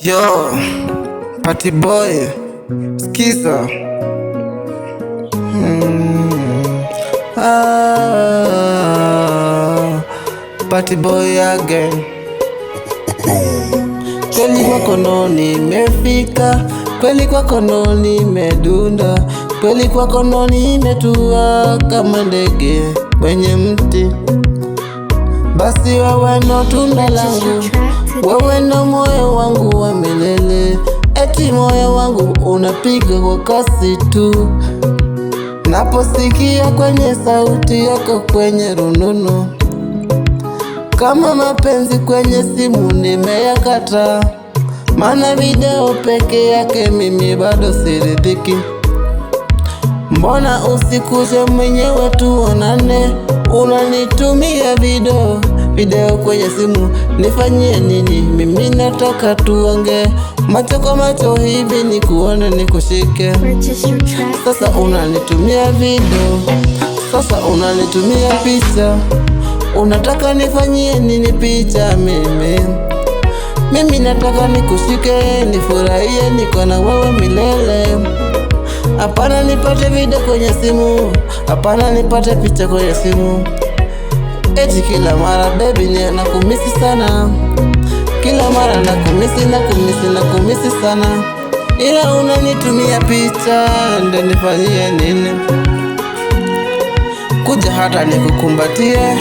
Yo, party boy, skiza. Mm. Ah, party boy again. Kweli kwa ndo nimefika, kweli kwa ndo nimedunda, kweli kwa ndo nimetua kama ndege kwenye mtu basi wewe ndo tunda langu, wewe ndo moyo wangu wa milele, eti moyo wangu unapiga kwa kasi tu naposikia kwenye sauti yako kwenye rununu, kama mapenzi kwenye simu nimeyakata, mana video peke yake mimi bado siridhiki. Mbona usikuje mwenyewe tuonane? Unanitumia video video kwenye simu, nifanyie nini? Mimi nataka tuonge macho kwa macho, hivi nikuone nikushike. Sasa unanitumia video, sasa unanitumia picha, unataka nifanyie nini picha mimi? Mimi nataka nikushike, nifurahie, niko na wewe milele. Hapana nipate video kwenye simu, hapana nipate picha kwenye simu. Eti kila mara baby ni nakumisi sana, kila mara nakumisi nakumisi nakumisi sana, ila unanitumia picha ndio nifanyie nini? Kuja hata nikukumbatie,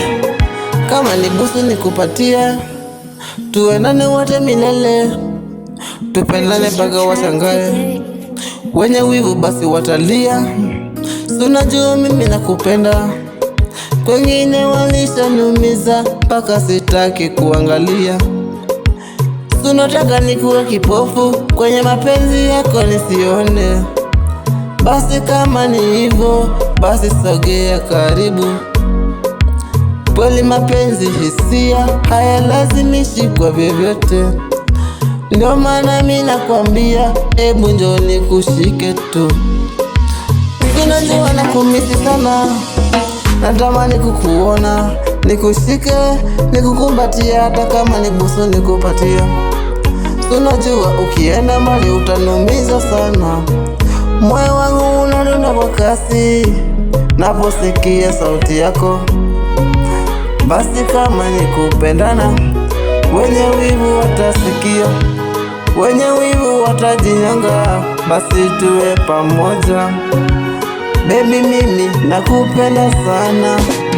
kama ni busu nikupatie, nane wote milele, tupendane mpaka washangae wenye wivu basi watalia, suna juu mimi nakupenda. kwengine walishaniumiza mpaka sitaki kuangalia, si unataka nikuwe kipofu kwenye mapenzi yako nisione? Basi kama ni hivyo, basi sogea karibu. Kweli mapenzi hisia hayalazimishi kwa vyovyote. Ndio maana mimi nakwambia, ebu njoo nikushike tu. na nakumisi sana, natamani kukuona, nikushike, nikukumbatia, hata kama ni nibusu nikupatia. Unajua ukienda mali utanumiza sana, moyo wangu unadunda kwa kasi naposikia sauti yako. Basi kama nikupendana, wenye wivu watasikia wenye wivu watajinyonga, basi tuwe pamoja. Baby, mimi nakupenda sana.